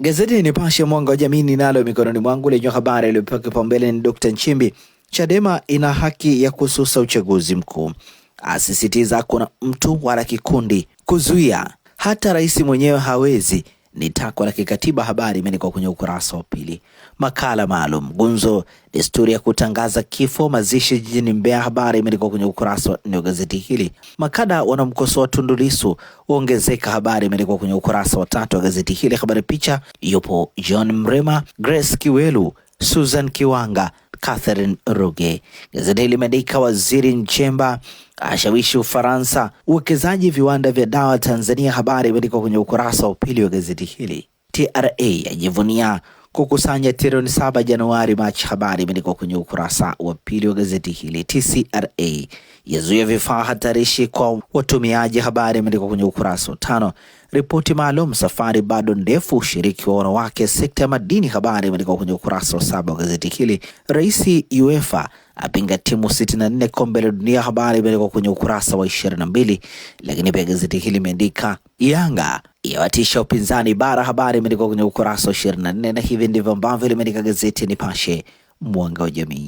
Gazeti ya Nipashe mwanga wa jamii ninalo mikononi mwangu lenye habari iliyopewa kipaumbele ni Dr. Nchimbi, Chadema ina haki ya kususa uchaguzi mkuu, asisitiza kuna mtu wala kikundi kuzuia, hata rais mwenyewe hawezi ni takwa la kikatiba. Habari imeandikwa kwenye ukurasa wa pili. Makala maalum gunzo desturi ya kutangaza kifo mazishi jijini Mbeya. Habari imeandikwa kwenye ukurasa wa nne wa gazeti hili. Makada wanamkosoa Tundu Lissu waongezeka. Habari imeandikwa kwenye ukurasa wa tatu wa gazeti hili. Habari picha yupo John Mrema, Grace Kiwelu, Susan Kiwanga Catherine Ruge. Gazeti hili limeandika waziri Nchemba ashawishi Ufaransa uwekezaji viwanda vya dawa Tanzania. Habari imeandikwa kwenye ukurasa wa pili wa gazeti hili. TRA ajivunia kukusanya tirioni saba Januari Machi. Habari imeandikwa kwenye ukurasa wa pili wa gazeti hili. TCRA yazuia vifaa hatarishi kwa watumiaji, habari imeandikwa kwenye ukurasa wa tano. Ripoti maalum, safari bado ndefu, ushiriki wa wanawake sekta ya madini, habari imeandikwa kwenye ukurasa wa saba wa gazeti hili. Rais UEFA apinga timu 64 kombe la dunia, habari imeandikwa kwenye ukurasa wa mbili Lakini pia gazeti hili imeandika Yanga yawatisha upinzani bara. Habari imeandikwa kwenye ukurasa wa 24 na hivi ndivyo ambavyo limeandika gazeti ya Nipashe mwanga wa jamii.